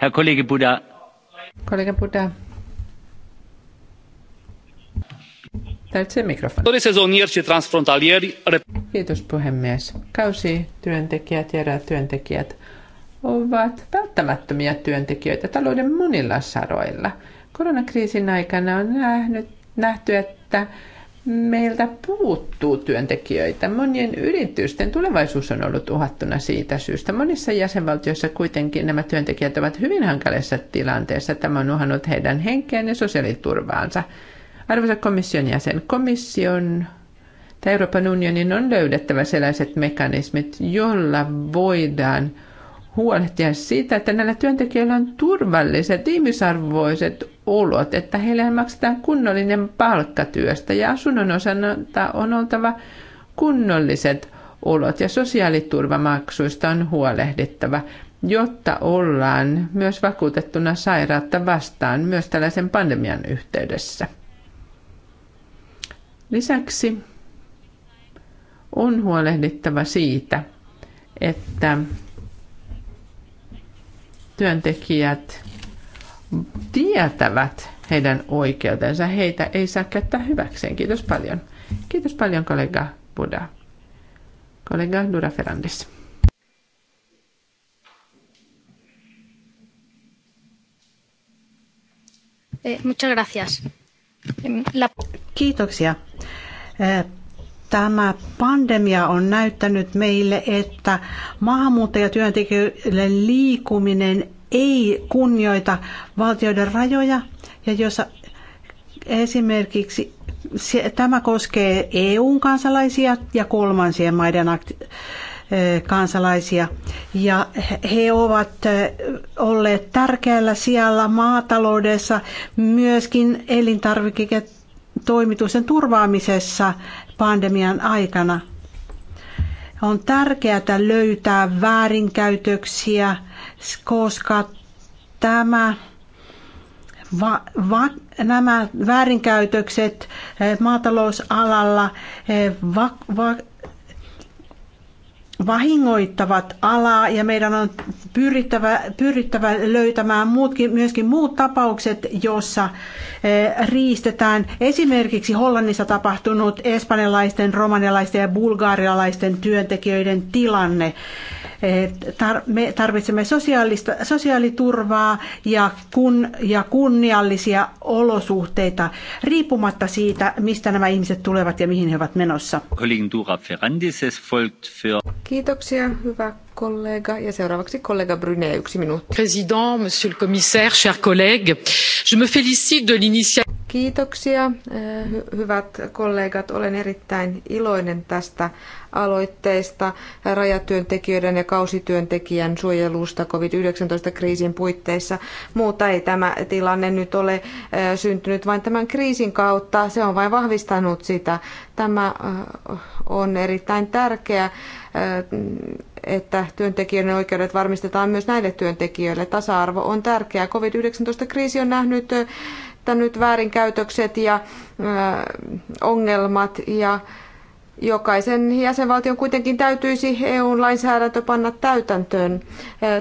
Herr Kollege Buda. Kollega Buddha. Täytyy mikrofoni. Tori sezonier ja transfrontalieri. Kiitos puhemies. Kausityöntekijät ja työntekijät ovat välttämättömiä työntekijöitä talouden monilla saroilla. Koronakriisin aikana on nähnyt, nähty, että meiltä puuttuu työntekijöitä. Monien yritysten tulevaisuus on ollut uhattuna siitä syystä. Monissa jäsenvaltioissa kuitenkin nämä työntekijät ovat hyvin hankalassa tilanteessa. Tämä on uhannut heidän henkeään ja sosiaaliturvaansa. Arvoisa komission jäsen, komission tai Euroopan unionin on löydettävä sellaiset mekanismit, joilla voidaan huolehtia siitä, että näillä työntekijöillä on turvalliset, ihmisarvoiset ulot, että heille maksetaan kunnollinen palkkatyöstä ja asunnon osalta on oltava kunnolliset olot ja sosiaaliturvamaksuista on huolehdittava, jotta ollaan myös vakuutettuna sairautta vastaan myös tällaisen pandemian yhteydessä. Lisäksi on huolehdittava siitä, että työntekijät tietävät heidän oikeutensa. Heitä ei saa käyttää hyväkseen. Kiitos paljon. Kiitos paljon kollega Buda. Kollega Dura Ferrandis. Eh, gracias. Kiitoksia. Eh, tämä pandemia on näyttänyt meille, että maahanmuuttajatyöntekijöiden liikkuminen ei kunnioita valtioiden rajoja ja jossa esimerkiksi tämä koskee eu kansalaisia ja kolmansien maiden eh, kansalaisia. Ja he ovat eh, olleet tärkeällä sijalla maataloudessa, myöskin elintarviketoimitusten turvaamisessa pandemian aikana. On tärkeää löytää väärinkäytöksiä – koska tämä Va, va, nämä väärinkäytökset eh, maatalousalalla eh, va, va, vahingoittavat alaa ja meidän on pyrittävä, pyrittävä löytämään muutkin, myöskin muut tapaukset, joissa eh, riistetään esimerkiksi Hollannissa tapahtunut espanjalaisten, romanialaisten ja bulgarialaisten työntekijöiden tilanne me tarvitsemme sosiaalista, sosiaaliturvaa ja, kun, ja kunniallisia olosuhteita riippumatta siitä, mistä nämä ihmiset tulevat ja mihin he ovat menossa. Kiitoksia, hyvä kollega ja seuraavaksi kollega Brunet, yksi minuutti. President, monsieur le commissaire, chers collègues, je me félicite de l'initiative. Kiitoksia, eh, hyvät kollegat. Olen erittäin iloinen tästä aloitteesta rajatyöntekijöiden ja kausityöntekijän suojelusta COVID-19-kriisin puitteissa. Muuta ei tämä tilanne nyt ole eh, syntynyt vain tämän kriisin kautta. Se on vain vahvistanut sitä. Tämä eh, on erittäin tärkeä että työntekijöiden oikeudet varmistetaan myös näille työntekijöille. Tasa-arvo on tärkeää. COVID-19-kriisi on nähnyt nyt väärinkäytökset ja ongelmat ja jokaisen jäsenvaltion kuitenkin täytyisi EU-lainsäädäntö panna täytäntöön.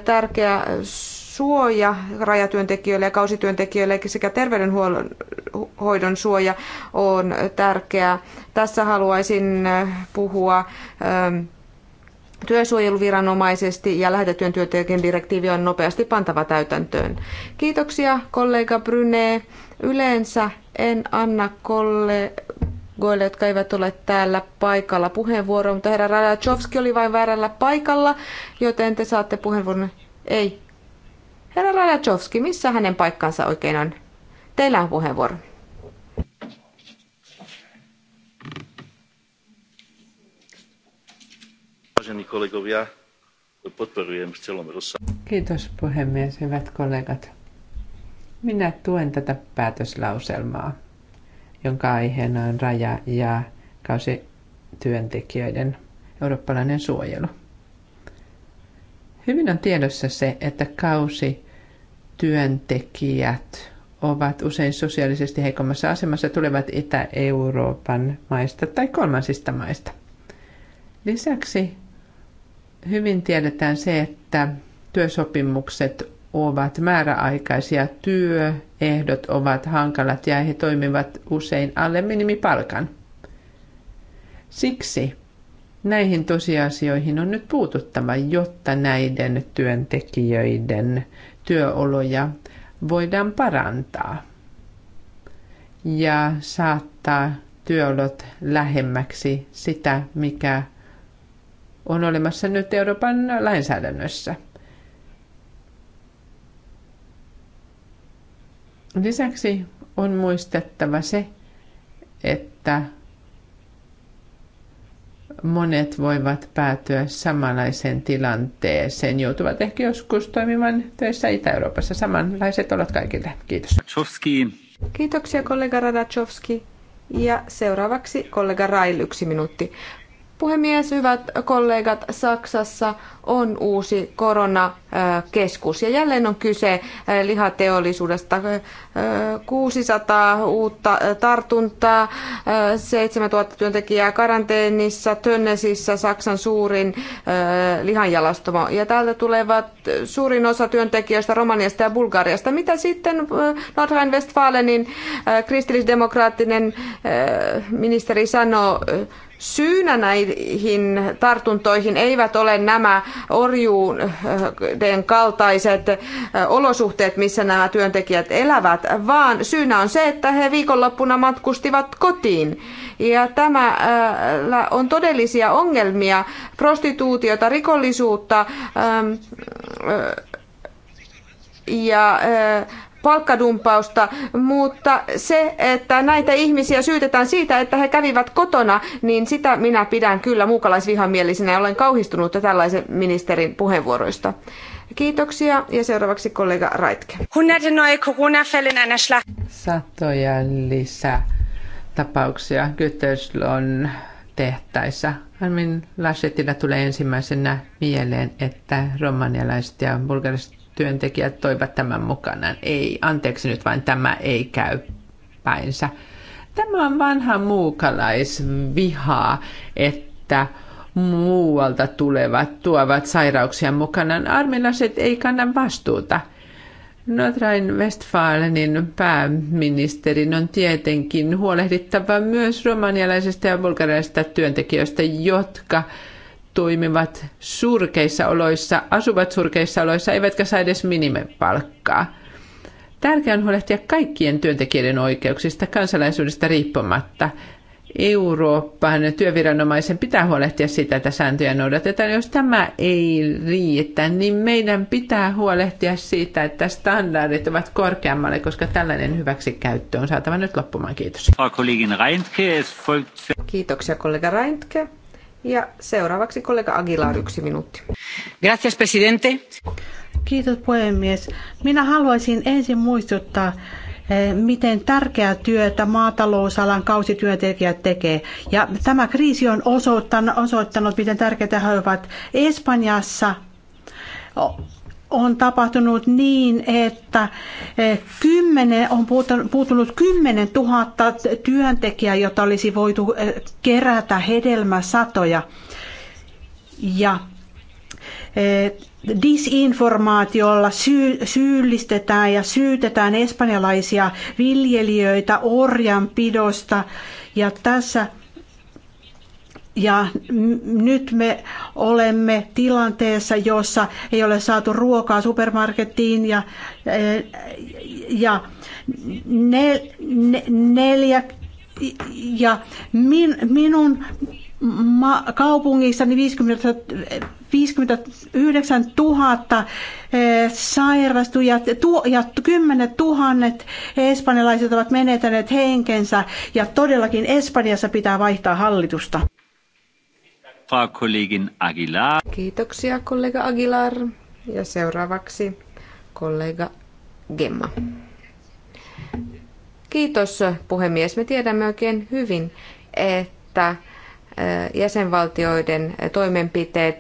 Tärkeä suoja rajatyöntekijöille ja kausityöntekijöille sekä terveydenhoidon suoja on tärkeä. Tässä haluaisin puhua työsuojeluviranomaisesti ja lähetettyjen työntekijöiden direktiivi on nopeasti pantava täytäntöön. Kiitoksia kollega Bryne. Yleensä en anna kollegoille, jotka eivät ole täällä paikalla puheenvuoroa, mutta herra Radachowski oli vain väärällä paikalla, joten te saatte puheenvuoron. Ei. Herra Radachowski, missä hänen paikkansa oikein on? Teillä on puheenvuoro. Vážení kollegovia, podporujem v celom Kiitos puhemies, hyvät kollegat. Minä tuen tätä päätöslauselmaa, jonka aiheena on raja- ja kausityöntekijöiden eurooppalainen suojelu. Hyvin on tiedossa se, että kausityöntekijät ovat usein sosiaalisesti heikommassa asemassa tulevat Itä-Euroopan maista tai kolmansista maista. Lisäksi hyvin tiedetään se, että työsopimukset ovat määräaikaisia, työehdot ovat hankalat ja he toimivat usein alle minimipalkan. Siksi näihin tosiasioihin on nyt puututtava, jotta näiden työntekijöiden työoloja voidaan parantaa ja saattaa työolot lähemmäksi sitä, mikä on olemassa nyt Euroopan lainsäädännössä. Lisäksi on muistettava se, että monet voivat päätyä samanlaiseen tilanteeseen. Joutuvat ehkä joskus toimimaan töissä Itä-Euroopassa. Samanlaiset olot kaikille. Kiitos. Ratsovski. Kiitoksia kollega Radachowski. Ja seuraavaksi kollega Rail yksi minuutti. Puhemies, hyvät kollegat, Saksassa on uusi koronakeskus ja jälleen on kyse eh, lihateollisuudesta. 600 eh, uutta tartuntaa, 7000 eh, työntekijää karanteenissa, Tönnesissä Saksan suurin lihanjalastamo Ja täältä tulevat suurin osa työntekijöistä Romaniasta ja Bulgariasta. Mitä sitten Nordrhein-Westfalenin kristillisdemokraattinen ministeri sanoo? Syynä näihin tartuntoihin eivät ole nämä orjuuden kaltaiset olosuhteet, missä nämä työntekijät elävät, vaan syynä on se, että he viikonloppuna matkustivat kotiin. Ja tämä on todellisia ongelmia, prostituutiota, rikollisuutta ja palkkadumpausta, mutta se, että näitä ihmisiä syytetään siitä, että he kävivät kotona, niin sitä minä pidän kyllä muukalaisvihamielisenä ja olen kauhistunut tällaisen ministerin puheenvuoroista. Kiitoksia ja seuraavaksi kollega Raitke. Satoja lisää tapauksia on tehtäissä. Armin Laschetilla tulee ensimmäisenä mieleen, että romanialaiset ja bulgariset työntekijät toivat tämän mukanaan. Ei, anteeksi nyt vain, tämä ei käy päinsä. Tämä on vanha muukalaisviha, että muualta tulevat tuovat sairauksia mukanaan. Armilaiset ei kanna vastuuta. Notrain Westfalenin pääministerin on tietenkin huolehdittava myös romanialaisista ja bulgarialaisista työntekijöistä, jotka toimivat surkeissa oloissa, asuvat surkeissa oloissa, eivätkä saa edes minimipalkkaa. Tärkeää on huolehtia kaikkien työntekijöiden oikeuksista kansalaisuudesta riippumatta. Euroopan työviranomaisen pitää huolehtia siitä, että sääntöjä noudatetaan. Jos tämä ei riitä, niin meidän pitää huolehtia siitä, että standardit ovat korkeammalle, koska tällainen hyväksikäyttö on saatava nyt loppumaan. Kiitos. Kiitoksia kollega Reintke. Ja seuraavaksi kollega Aguilar, yksi minuutti. Gracias, presidente. Kiitos puhemies. Minä haluaisin ensin muistuttaa, eh, miten tärkeää työtä maatalousalan kausityöntekijät tekee. Ja tämä kriisi on osoittanut, osoittanut miten tärkeitä he ovat. Espanjassa on tapahtunut niin, että eh, kymmenen, on puuttunut 10 000 työntekijää, jota olisi voitu eh, kerätä hedelmäsatoja. Ja eh, disinformaatiolla syy, syyllistetään ja syytetään espanjalaisia viljelijöitä orjanpidosta. Ja tässä ja nyt me olemme tilanteessa, jossa ei ole saatu ruokaa supermarkettiin ja, eh, ja nel, neljä ja min, minun ma, kaupungissani 50, 59 000 sairastui ja, tu, kymmenet tuhannet espanjalaiset ovat menetäneet henkensä ja todellakin Espanjassa pitää vaihtaa hallitusta. Frau Kollegin Aguilar. Kiitoksia kollega Aguilar. Ja seuraavaksi kollega Gemma. Kiitos puhemies. Me tiedämme oikein hyvin, että jäsenvaltioiden toimenpiteet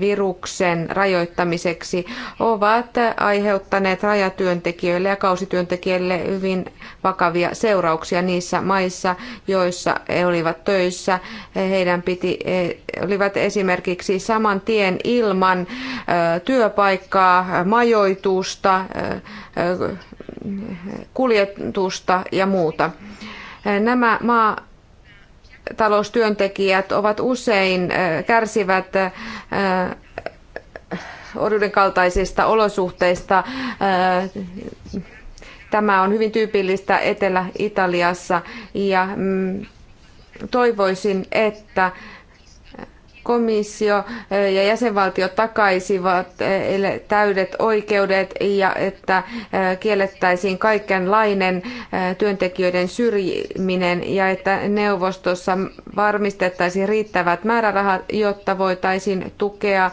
viruksen rajoittamiseksi ovat aiheuttaneet rajatyöntekijöille ja kausityöntekijöille hyvin vakavia seurauksia niissä maissa, joissa he olivat töissä. Heidän piti, he olivat esimerkiksi saman tien ilman työpaikkaa, majoitusta, kuljetusta ja muuta. Nämä maa taloustyöntekijät ovat usein kärsivät orjuuden kaltaisista olosuhteista. Tämä on hyvin tyypillistä Etelä-Italiassa ja mm, toivoisin, että komissio eh, ja jäsenvaltiot takaisivat eh, täydet oikeudet ja että eh, kiellettäisiin kaikenlainen työntekijöiden syrjiminen ja että neuvostossa varmistettaisiin riittävät määrärahat, jotta voitaisiin tukea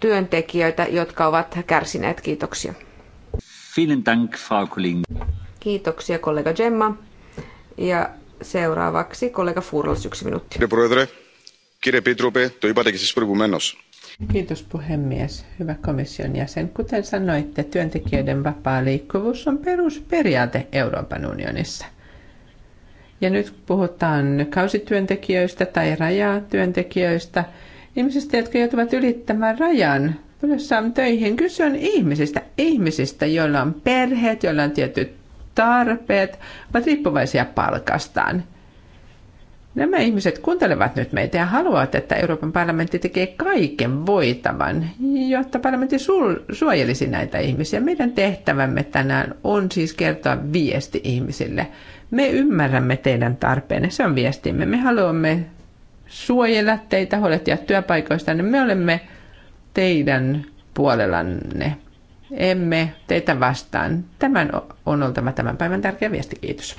työntekijöitä, jotka ovat kärsineet. Kiitoksia. Kiitoksia kollega Gemma. Ja seuraavaksi kollega Furls yksi minuutti. Kire Pitrupe, το είπατε και προηγουμένως. Kiitos puhemies. Hyvä komission jäsen. Kuten sanoitte, työntekijöiden vapaa liikkuvuus on perusperiaate Euroopan unionissa. Ja nyt puhutaan kausityöntekijöistä tai rajatyöntekijöistä, ihmisistä, jotka joutuvat ylittämään rajan tullessaan töihin. Kyse on ihmisistä, ihmisistä, joilla on perheet, joilla on tietyt tarpeet, ovat riippuvaisia palkastaan – Nämä ihmiset kuuntelevat nyt meitä ja haluavat, että Euroopan parlamentti tekee kaiken voitavan, jotta parlamentti suojelisi näitä ihmisiä. Meidän tehtävämme tänään on siis kertoa viesti ihmisille. Me ymmärrämme teidän tarpeenne, se on viestimme. Me haluamme suojella teitä, huolehtia niin Me olemme teidän puolellanne. Emme teitä vastaan. Tämän on oltava tämän päivän tärkeä viesti. Kiitos.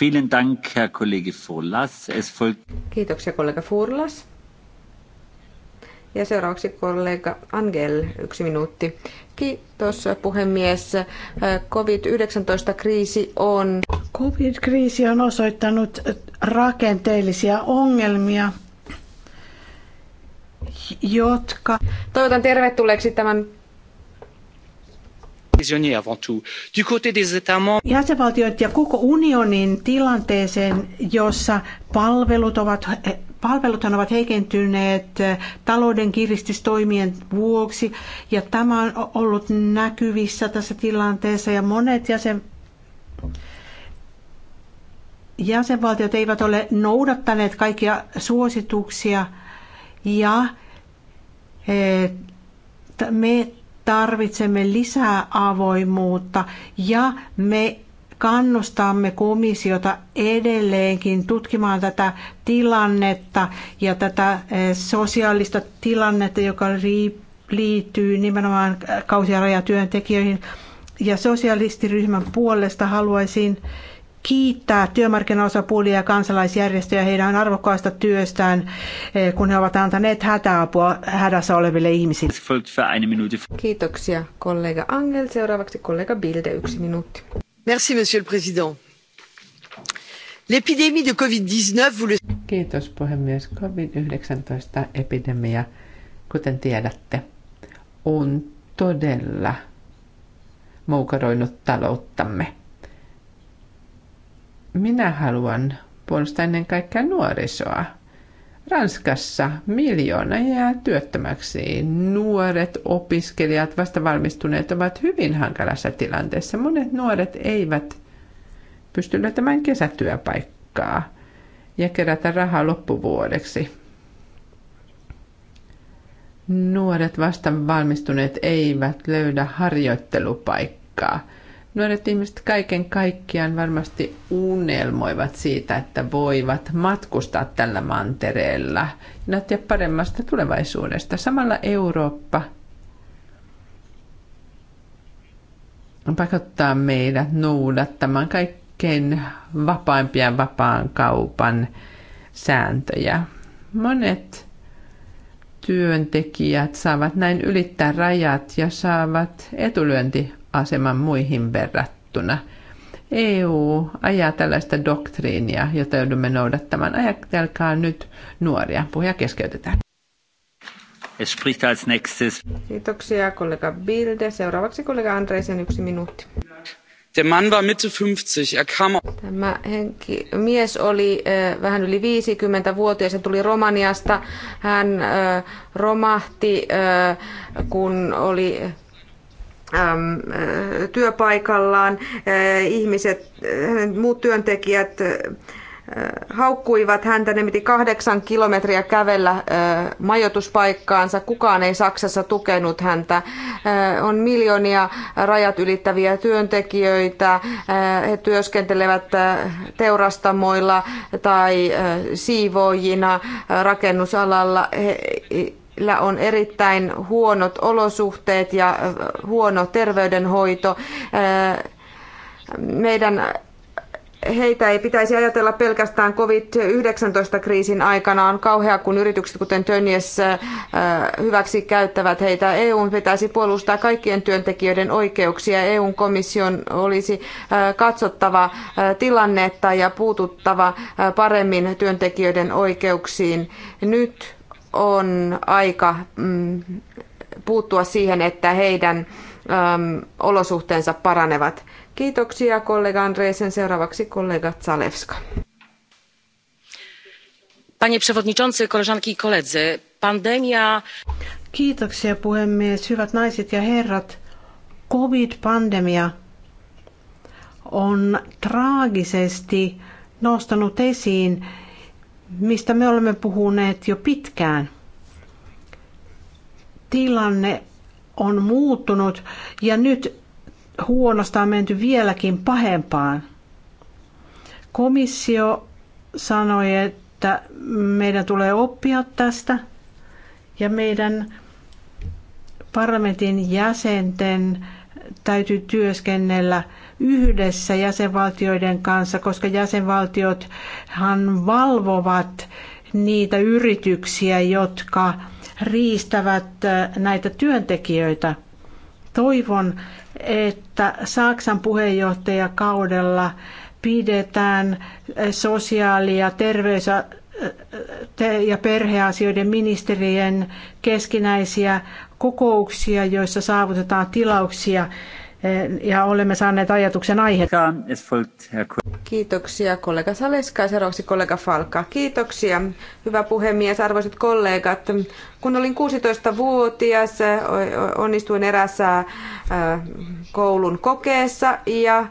Vielen Dank, Herr Kollege Furlas. Es folgt... Kiitoksia, kollega Furlas. Ja seuraavaksi kollega Angel, yksi minuutti. Kiitos puhemies. COVID-19-kriisi on... COVID-kriisi on osoittanut rakenteellisia ongelmia, jotka... Toivotan tervetulleeksi tämän Jäsenvaltiot ja koko unionin tilanteeseen, jossa palvelut ovat palveluthan ovat heikentyneet eh, talouden kiristystoimien vuoksi ja tämä on ollut näkyvissä tässä tilanteessa ja monet jäsen, jäsenvaltiot eivät ole noudattaneet kaikkia suosituksia ja eh, me tarvitsemme lisää avoimuutta ja me kannustamme komissiota edelleenkin tutkimaan tätä tilannetta ja tätä eh, sosiaalista tilannetta, joka liittyy nimenomaan kausirajatyöntekijöihin. Ja sosialistiryhmän puolesta haluaisin kiittää työmarkkinaosapuolia ja kansalaisjärjestöjä heidän arvokkaasta työstään, eh, kun he ovat antaneet hätäapua hädässä oleville ihmisille. Kiitoksia kollega Angel. Seuraavaksi kollega Bilde, yksi minuutti. Merci, monsieur le président. L'épidémie de COVID-19, vous le... Kiitos puhemies. COVID-19-epidemia, kuten tiedätte, on todella moukaroinut talouttamme – minä haluan puolustaa ennen kaikkea nuorisoa. Ranskassa miljoona jää työttömäksi. Nuoret opiskelijat, vasta valmistuneet ovat hyvin hankalassa tilanteessa. Monet nuoret eivät pysty löytämään kesätyöpaikkaa ja kerätä rahaa loppuvuodeksi. Nuoret vasta valmistuneet eivät löydä harjoittelupaikkaa. Nuoret ihmiset kaiken kaikkiaan varmasti unelmoivat siitä, että voivat matkustaa tällä mantereella ja nauttia paremmasta tulevaisuudesta. Samalla Eurooppa pakottaa meidät noudattamaan kaikkein vapaimpia vapaan kaupan sääntöjä. Monet työntekijät saavat näin ylittää rajat ja saavat etulyönti aseman muihin verrattuna. EU ajaa tällaista doktriinia, jota joudumme noudattamaan. Ajatelkaa nyt nuoria. Puhuja keskeytetään. Es spricht als nächstes. Kiitoksia kollega Bilde. Seuraavaksi kollega Andreisen yksi minuutti. Der Mann war Mitte 50. Er kam... Tämä henki, mies oli äh, vähän yli 50-vuotias ja tuli Romaniasta. Hän äh, romahti, äh, kun oli Ähm, äh, työpaikallaan. Äh, ihmiset, äh, muut työntekijät haukkuivat häntä, ne piti kahdeksan kilometriä kävellä majoituspaikkaansa. Kukaan ei Saksassa tukenut häntä. On miljoonia rajat ylittäviä työntekijöitä. He työskentelevät teurastamoilla tai siivoojina rakennusalalla. He heillä on erittäin huonot olosuhteet ja äh, huono terveydenhoito. Äh, meidän heitä ei pitäisi ajatella pelkästään COVID-19-kriisin aikana. On kauhea, kun yritykset kuten Tönnies äh, hyväksi käyttävät heitä. EU pitäisi puolustaa kaikkien työntekijöiden oikeuksia. EUn komission olisi katsottava tilannetta ja puututtava paremmin työntekijöiden oikeuksiin. Nyt on aika mm, puuttua siihen, että heidän mm, olosuhteensa paranevat. Kiitoksia kollega Andreesen. Seuraavaksi kollega Zalewska. Panie przewodniczący, koleżanki i koledzy, pandemia... Kiitoksia puhemies, hyvät naiset ja herrat. Covid-pandemia on traagisesti nostanut esiin mistä me olemme puhuneet jo pitkään. Tilanne on muuttunut ja nyt huonosta on menty vieläkin pahempaan. Komissio sanoi, että meidän tulee oppia tästä ja meidän parlamentin jäsenten täytyy työskennellä yhdessä jäsenvaltioiden kanssa, koska jäsenvaltiothan valvovat niitä yrityksiä, jotka riistävät näitä työntekijöitä. Toivon, että Saksan puheenjohtajakaudella pidetään sosiaali- ja terveys- ja perheasioiden ministerien keskinäisiä kokouksia, joissa saavutetaan tilauksia Eh, ja olemme saaneet ajatuksen aiheen. Kiitoksia kollega Saleska ja seuraavaksi kollega Falka. Kiitoksia. Hyvä puhemies, arvoisat kollegat. Kun olin 16-vuotias, onnistuin erässä koulun kokeessa ja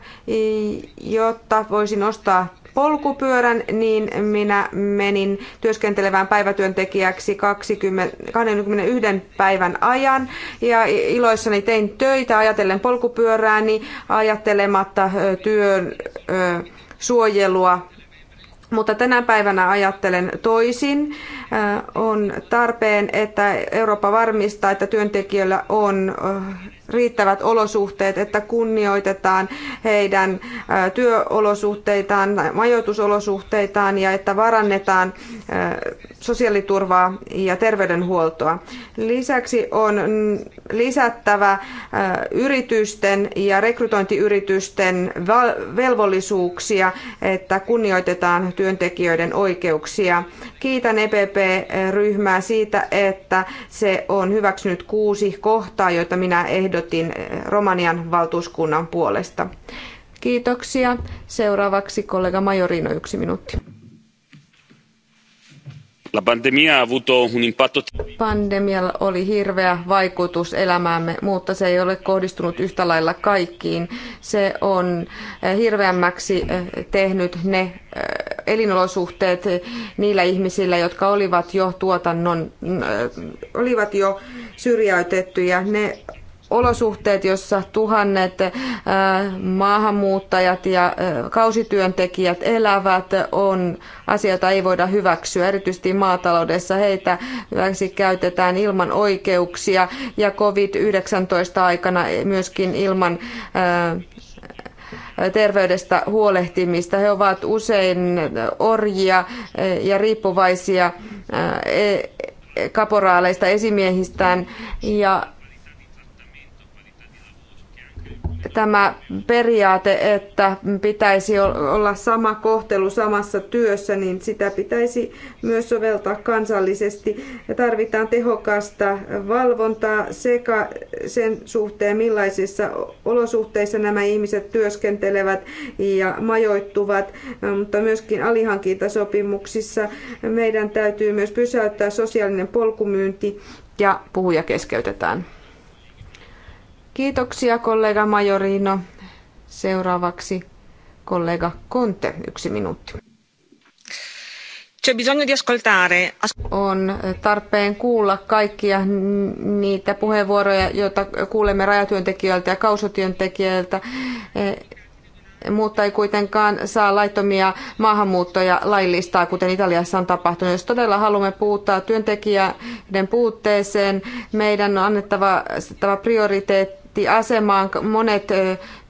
jotta voisin ostaa polkupyörän, niin minä menin työskentelevään päivätyöntekijäksi 20, 21 päivän ajan. Ja iloissani tein töitä ajatellen polkupyörääni, ajattelematta työn suojelua mutta tänä päivänä ajattelen toisin. On tarpeen, että Eurooppa varmistaa, että työntekijöillä on riittävät olosuhteet, että kunnioitetaan heidän työolosuhteitaan, majoitusolosuhteitaan ja että varannetaan sosiaaliturvaa ja terveydenhuoltoa. Lisäksi on lisättävä yritysten ja rekrytointiyritysten velvollisuuksia, että kunnioitetaan työntekijöiden oikeuksia. Kiitän EPP-ryhmää siitä, että se on hyväksynyt kuusi kohtaa, joita minä ehdotan ehdotin eh, Romanian valtuuskunnan puolesta. Kiitoksia. Seuraavaksi kollega Majorino, yksi minuutti. La pandemia ha avuto un impatto... Pandemialla oli hirveä vaikutus elämäämme, mutta se ei ole kohdistunut yhtä lailla kaikkiin. Se on eh, hirveämmäksi eh, tehnyt ne elinolosuhteet niillä ihmisillä, jotka olivat jo tuotannon, mm, olivat jo syrjäytettyjä. Ne olosuhteet, jossa tuhannet äh, maahanmuuttajat ja äh, kausityöntekijät elävät, on asia, jota ei voida hyväksyä. Erityisesti maataloudessa heitä hyväksi käytetään ilman oikeuksia ja COVID-19 aikana myöskin ilman äh, terveydestä huolehtimista. He ovat usein orjia ja riippuvaisia e-, kaporaaleista esimiehistään ja tämä periaate, että pitäisi olla sama kohtelu samassa työssä, niin sitä pitäisi myös soveltaa kansallisesti. Tarvitaan tehokasta valvontaa sekä sen suhteen, millaisissa olosuhteissa nämä ihmiset työskentelevät ja majoittuvat, mutta myöskin alihankintasopimuksissa meidän täytyy myös pysäyttää sosiaalinen polkumyynti ja puhuja keskeytetään. Kiitoksia kollega Majorino. Seuraavaksi kollega Conte, yksi minuutti. On tarpeen kuulla kaikkia niitä puheenvuoroja, joita kuulemme rajatyöntekijöiltä ja kausotyöntekijöiltä, eh, mutta ei kuitenkaan saa laittomia maahanmuuttoja laillistaa, kuten Italiassa on tapahtunut. Jos todella haluamme puuttaa työntekijöiden puutteeseen, meidän on annettava prioriteetti asemaan monet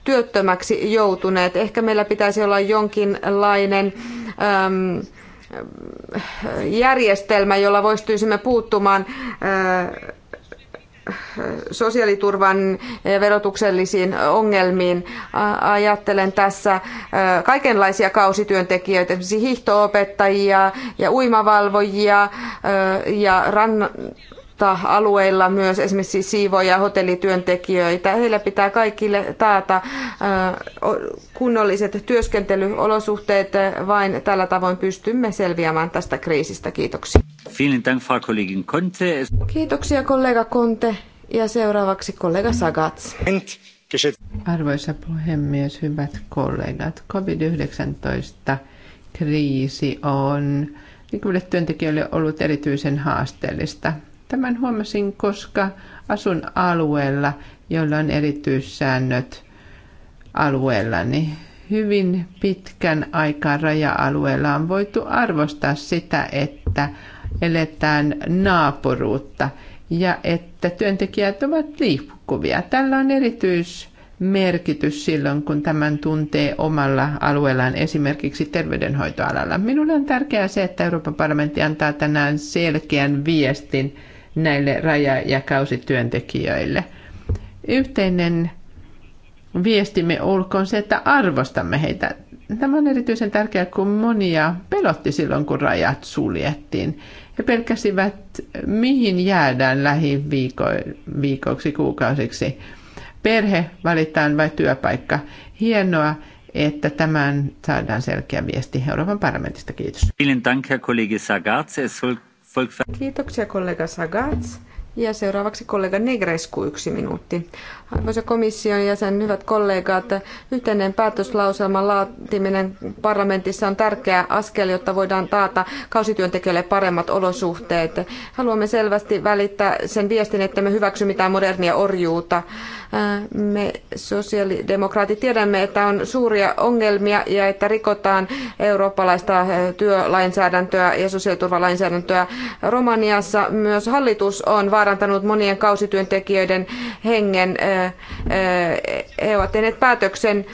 työttömäksi joutuneet. Ehkä meillä pitäisi olla jonkinlainen äm, järjestelmä, jolla voistuisimme puuttumaan äh, sosiaaliturvan verotuksellisiin ongelmiin. Ajattelen tässä kaikenlaisia kausityöntekijöitä, esimerkiksi hiihtoopettajia ja uimavalvojia ja rannan tarvetta alueilla myös esimerkiksi siivoja ja hotellityöntekijöitä. Heille pitää kaikille taata kunnolliset työskentelyolosuhteet. Vain tällä tavoin pystymme selviämään tästä kriisistä. Kiitoksia. Kiitoksia kollega Konte ja seuraavaksi kollega Sagats. Arvoisa puhemies, hyvät kollegat, COVID-19 kriisi on niin työntekijöille ollut erityisen haasteellista. Tämän huomasin, koska asun alueella, jolla on erityissäännöt alueellani. Hyvin pitkän aikaa raja-alueella on voitu arvostaa sitä, että eletään naapuruutta ja että työntekijät ovat liikkuvia. Tällä on erityismerkitys silloin, kun tämän tuntee omalla alueellaan, esimerkiksi terveydenhoitoalalla. Minulle on tärkeää se, että Euroopan parlamentti antaa tänään selkeän viestin – näille raja- ja kausityöntekijöille. Yhteinen viestimme olkoon se, että arvostamme heitä. Tämä on erityisen tärkeää, kun monia pelotti silloin, kun rajat suljettiin. He pelkäsivät, mihin jäädään lähiviikoksi, kuukausiksi. Perhe valitaan vai työpaikka. Hienoa, että tämän saadaan selkeä viesti Euroopan parlamentista. Kiitos. Vielen Dank, Herr Kollege Sagatz. Kiitoksia kollega Sagaz. Ja seuraavaksi kollega Negrescu yksi minuutti. Arvoisa komission jäsen, hyvät kollegat, yhteinen päätöslauselman laatiminen parlamentissa on tärkeä askel, jotta voidaan taata kausityöntekijöille paremmat olosuhteet. Haluamme selvästi välittää sen viestin, että me hyväksy mitään modernia orjuutta. Me sosiaalidemokraatit tiedämme, että on suuria ongelmia ja että rikotaan eurooppalaista työlainsäädäntöä ja sosiaaliturvalainsäädäntöä. Romaniassa myös hallitus on vaarantanut monien kausityöntekijöiden hengen he ovat tehneet päätöksen,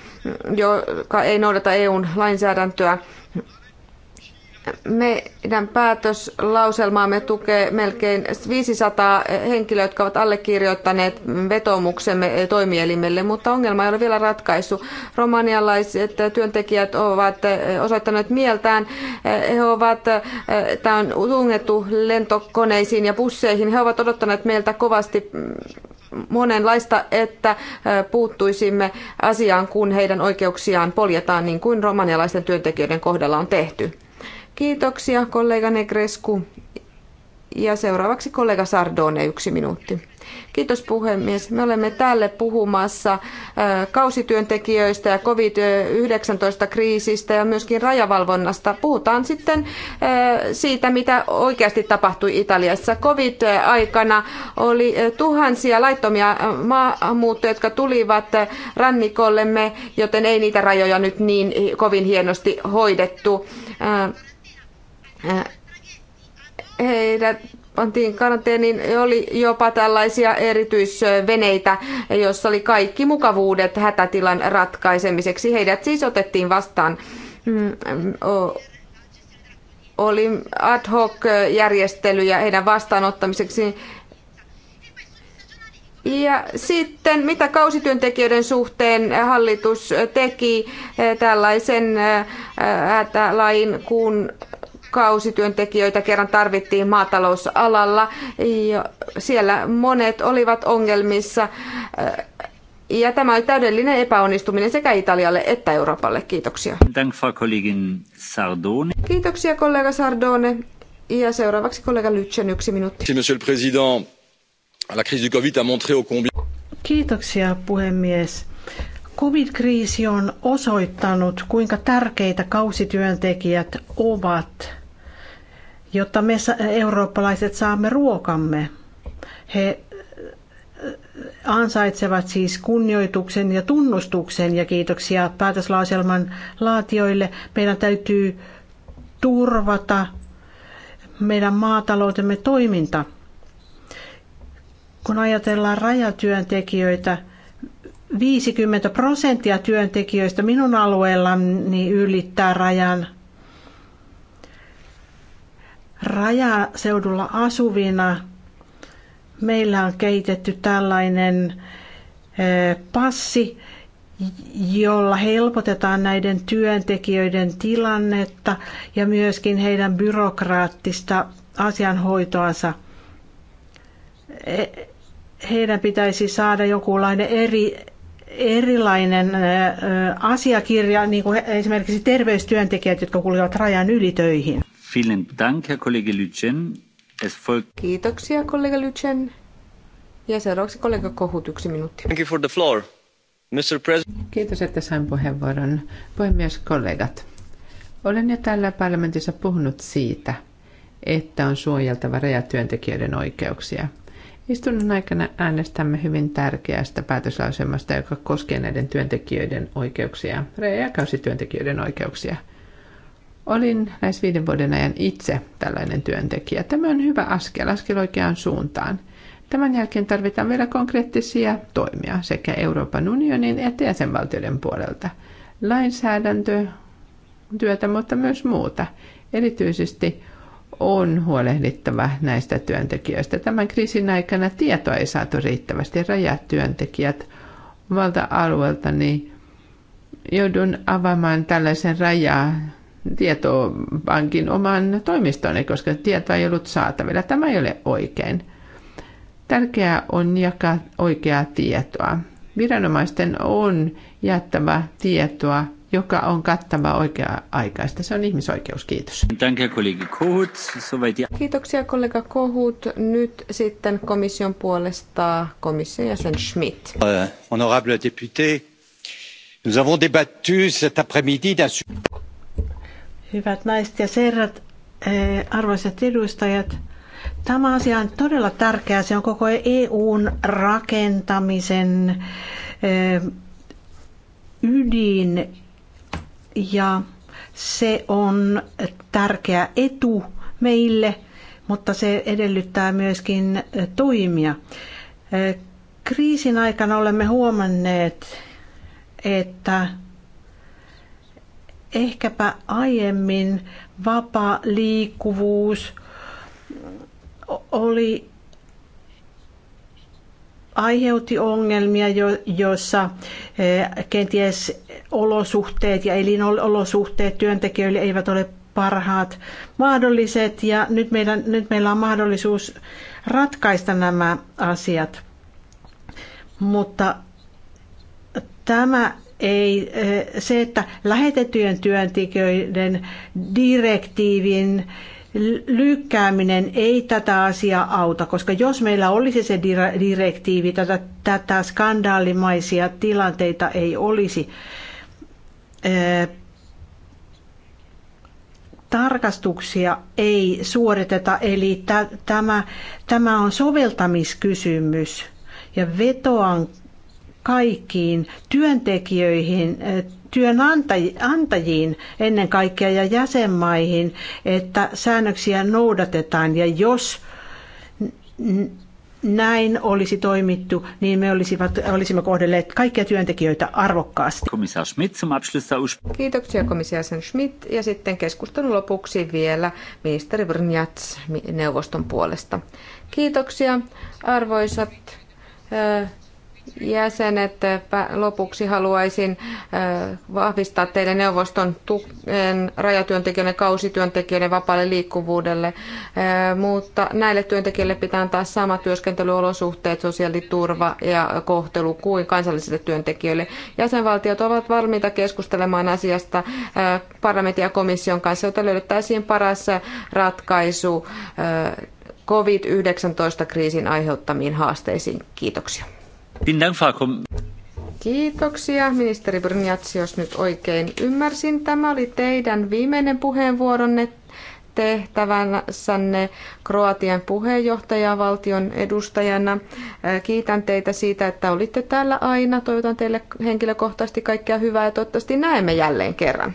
joka ei noudata EUn lainsäädäntöä. Meidän päätöslauselmaamme tukee melkein 500 henkilöä, jotka ovat allekirjoittaneet vetomuksemme toimielimelle, mutta ongelma ei ole vielä ratkaisu. Romanialaiset työntekijät ovat osoittaneet mieltään. He ovat, tämä on tungettu lentokoneisiin ja busseihin. He ovat odottaneet meiltä kovasti monenlaista, että puuttuisimme asiaan, kun heidän oikeuksiaan poljetaan, niin kuin romanialaisten työntekijöiden kohdalla on tehty. Kiitoksia kollega Negresku. Ja seuraavaksi kollega Sardone, yksi minuutti. Kiitos puhemies. Me olemme täällä puhumassa äh, kausityöntekijöistä ja COVID-19-kriisistä ja myöskin rajavalvonnasta. Puhutaan sitten äh, siitä, mitä oikeasti tapahtui Italiassa. COVID-aikana oli äh, tuhansia laittomia maahanmuuttajia, jotka tulivat rannikollemme, joten ei niitä rajoja nyt niin kovin hienosti hoidettu heidät pantiin karanteeniin, oli jopa tällaisia erityisveneitä, joissa oli kaikki mukavuudet hätätilan ratkaisemiseksi. Heidät siis otettiin vastaan. Mm, oli ad hoc järjestelyjä heidän vastaanottamiseksi. Ja sitten mitä kausityöntekijöiden suhteen hallitus teki eh, tällaisen eh, eh, hätälain, kun kausityöntekijöitä kerran tarvittiin maatalousalalla. ja Siellä monet olivat ongelmissa. Äh, ja tämä oli täydellinen epäonnistuminen sekä Italialle että Euroopalle. Kiitoksia. Kiitoksia kollega Sardone. Ja seuraavaksi kollega Lytsen yksi minuutti. Monsieur le Président, la crise du Covid a montré au combien... Kiitoksia puhemies. Covid-kriisi on osoittanut, kuinka tärkeitä kausityöntekijät ovat jotta me eurooppalaiset saamme ruokamme. He äh, ansaitsevat siis kunnioituksen ja tunnustuksen ja kiitoksia päätöslauselman laatioille. Meidän täytyy turvata meidän maataloutemme toiminta. Kun ajatellaan rajatyöntekijöitä, 50 prosenttia työntekijöistä minun alueellani ylittää rajan – rajaseudulla asuvina meillä on kehitetty tällainen passi, jolla helpotetaan näiden työntekijöiden tilannetta ja myöskin heidän byrokraattista asianhoitoansa. E, heidän pitäisi saada jokinlainen eri, erilainen asiakirja, niin kuin esimerkiksi terveystyöntekijät, jotka kulkevat rajan yli töihin. Vielen Dank, Herr Kollege Lütjen. Es folgt... Kiitoksia, kollega Lütjen. Ja seuraavaksi kollega Kohut, yksi minuutti. Thank you for the floor. Mr. President. Kiitos, että sain puheenvuoron. Puhemies, kollegat. Olen jo täällä parlamentissa puhunut siitä, että on suojeltava rajatyöntekijöiden oikeuksia. Istunnon aikana äänestämme hyvin tärkeästä päätöslauselmasta, joka koskee näiden työntekijöiden oikeuksia, rajakausityöntekijöiden oikeuksia – Olin näissä viiden vuoden ajan itse tällainen työntekijä. Tämä on hyvä askel, askel oikeaan suuntaan. Tämän jälkeen tarvitaan vielä konkreettisia toimia sekä Euroopan unionin että jäsenvaltioiden puolelta. Lainsäädäntö, työtä, mutta myös muuta. Erityisesti on huolehdittava näistä työntekijöistä. Tämän kriisin aikana tietoa ei saatu riittävästi. työntekijät valta-alueelta niin joudun avaamaan tällaisen rajaa tietopankin oman toimiston, koska tietoa ei ollut saatavilla. Tämä ei ole oikein. Tärkeää on jakaa oikeaa tietoa. Viranomaisten on jättävä tietoa, joka on kattava oikea-aikaista. Se on ihmisoikeus. Kiitos. Kiitoksia kollega Kohut. Nyt sitten komission puolesta komission jäsen Schmidt. Euh, honorable député, nous avons débattu cet après-midi d'un Hyvät naiset ja serrat, eh, arvoisat edustajat, tämä asia on todella tärkeä. Se on koko EUn rakentamisen eh, ydin ja se on tärkeä etu meille, mutta se edellyttää myöskin eh, toimia. Kriisin aikana olemme huomanneet, että ehkäpä aiemmin vapaa liikkuvuus oli aiheutti ongelmia, joissa eh, kenties olosuhteet ja elinolosuhteet työntekijöille eivät ole parhaat mahdolliset ja nyt, meidän, nyt meillä on mahdollisuus ratkaista nämä asiat. Mutta tämä ei, se, että lähetettyjen työntekijöiden direktiivin lykkääminen ei tätä asiaa auta, koska jos meillä olisi se direktiivi, tätä, tätä skandaalimaisia tilanteita ei olisi. Tarkastuksia ei suoriteta, eli tämä, tämä on soveltamiskysymys. Ja vetoan kaikkiin työntekijöihin, eh, työnantajiin ennen kaikkea ja jäsenmaihin, että säännöksiä noudatetaan ja jos näin olisi toimittu, niin me olisivat, olisimme kohdelleet kaikkia työntekijöitä arvokkaasti. Schmidt Kiitoksia komissaari Schmidt ja sitten keskustelun lopuksi vielä ministeri Brnjats neuvoston puolesta. Kiitoksia arvoisat eh, jäsenet, lopuksi haluaisin vahvistaa teille neuvoston tuen rajatyöntekijöiden, kausityöntekijöiden vapaalle liikkuvuudelle, mutta näille työntekijöille pitää antaa samat työskentelyolosuhteet, sosiaaliturva ja kohtelu kuin kansallisille työntekijöille. Jäsenvaltiot ovat valmiita keskustelemaan asiasta parlamentin ja komission kanssa, jotta löydettäisiin paras ratkaisu COVID-19-kriisin aiheuttamiin haasteisiin. Kiitoksia. Kiitoksia, ministeri Brynjats, jos nyt oikein ymmärsin. Tämä oli teidän viimeinen puheenvuoronne tehtävänsänne Kroatian puheenjohtajavaltion edustajana. Äh, kiitän teitä siitä, että olitte täällä aina. Toivotan teille henkilökohtaisesti kaikkea hyvää ja toivottavasti näemme jälleen kerran.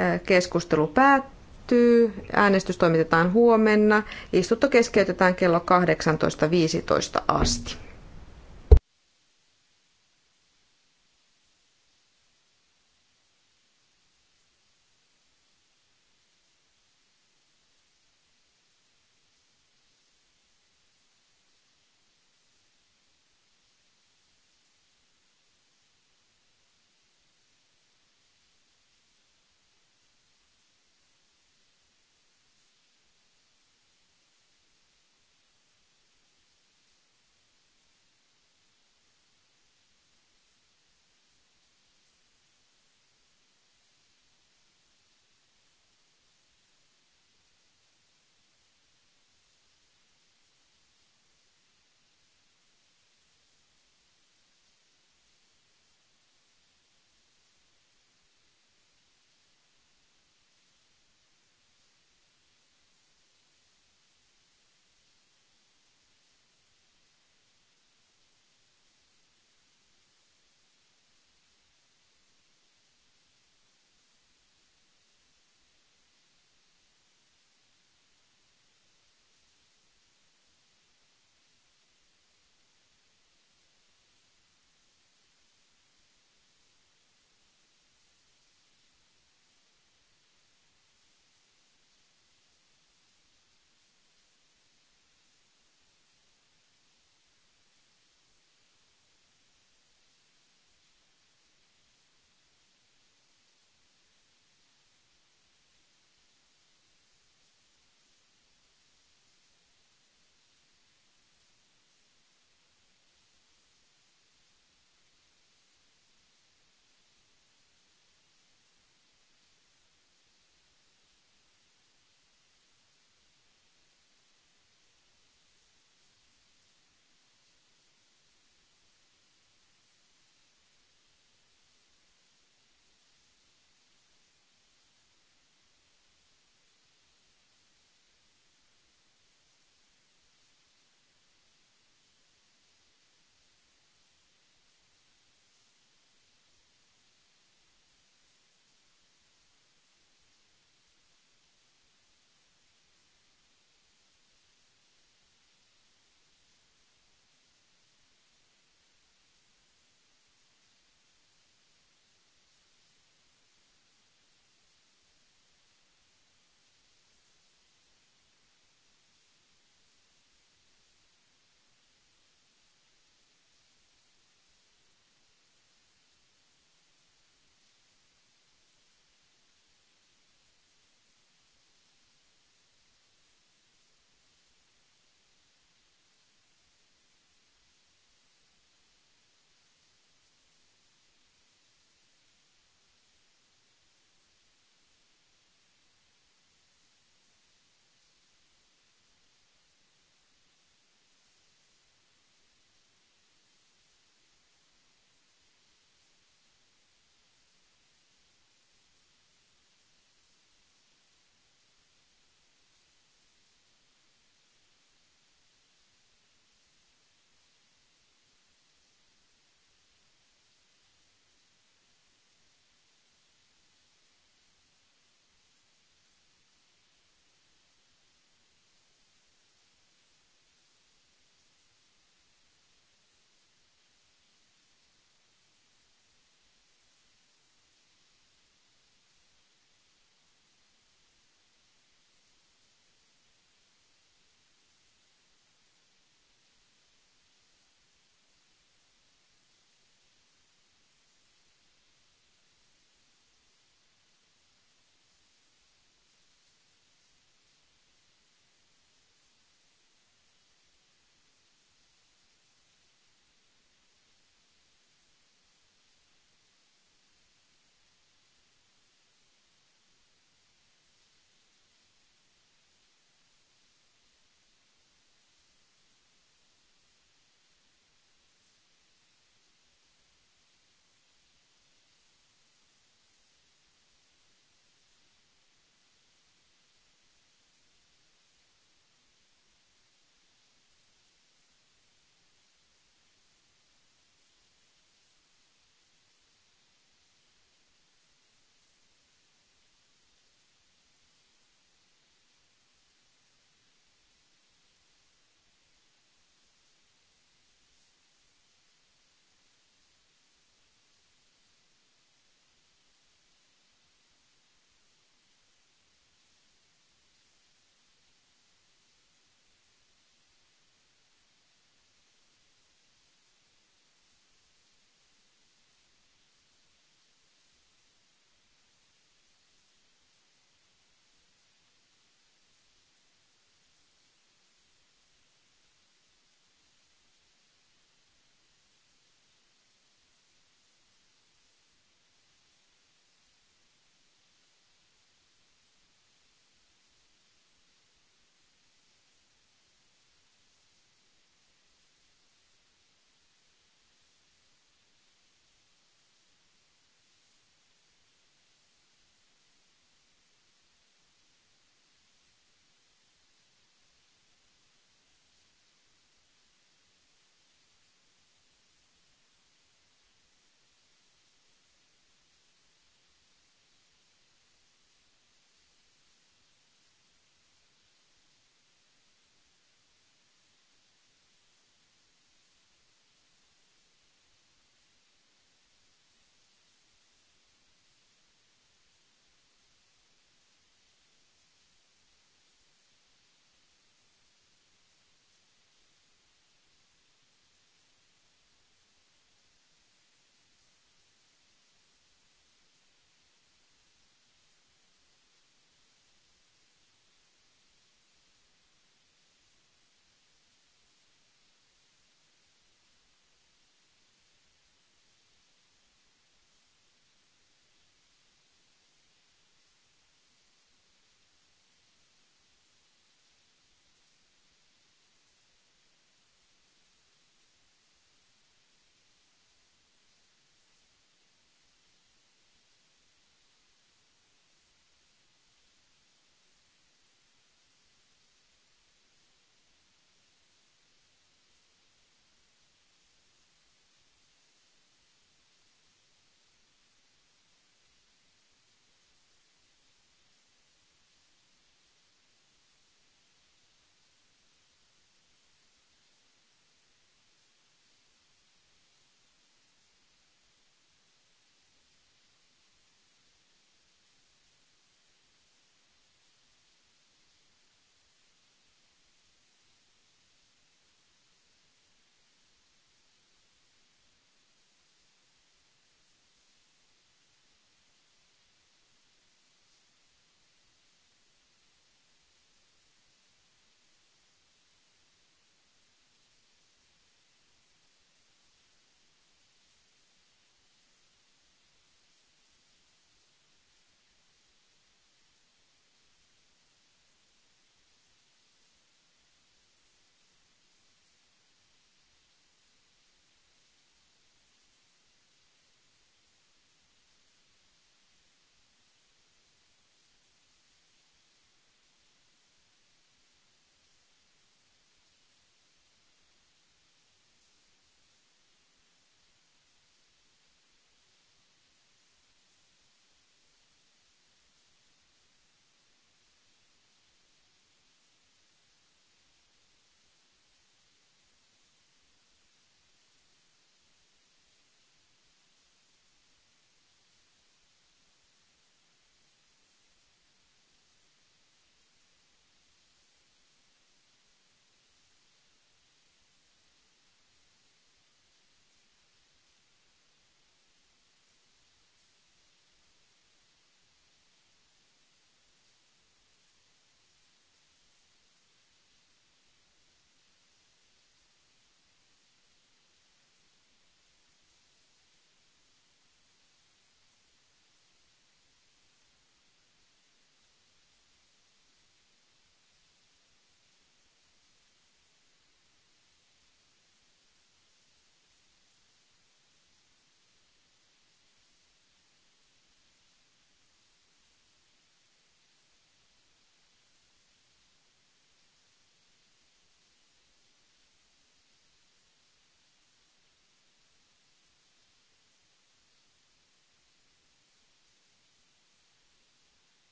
Äh, keskustelu päättyy päättyy. Äänestys toimitetaan huomenna. Istutto keskeytetään kello 18.15 asti.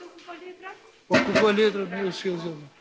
Ocupa a letra, palheiro branco.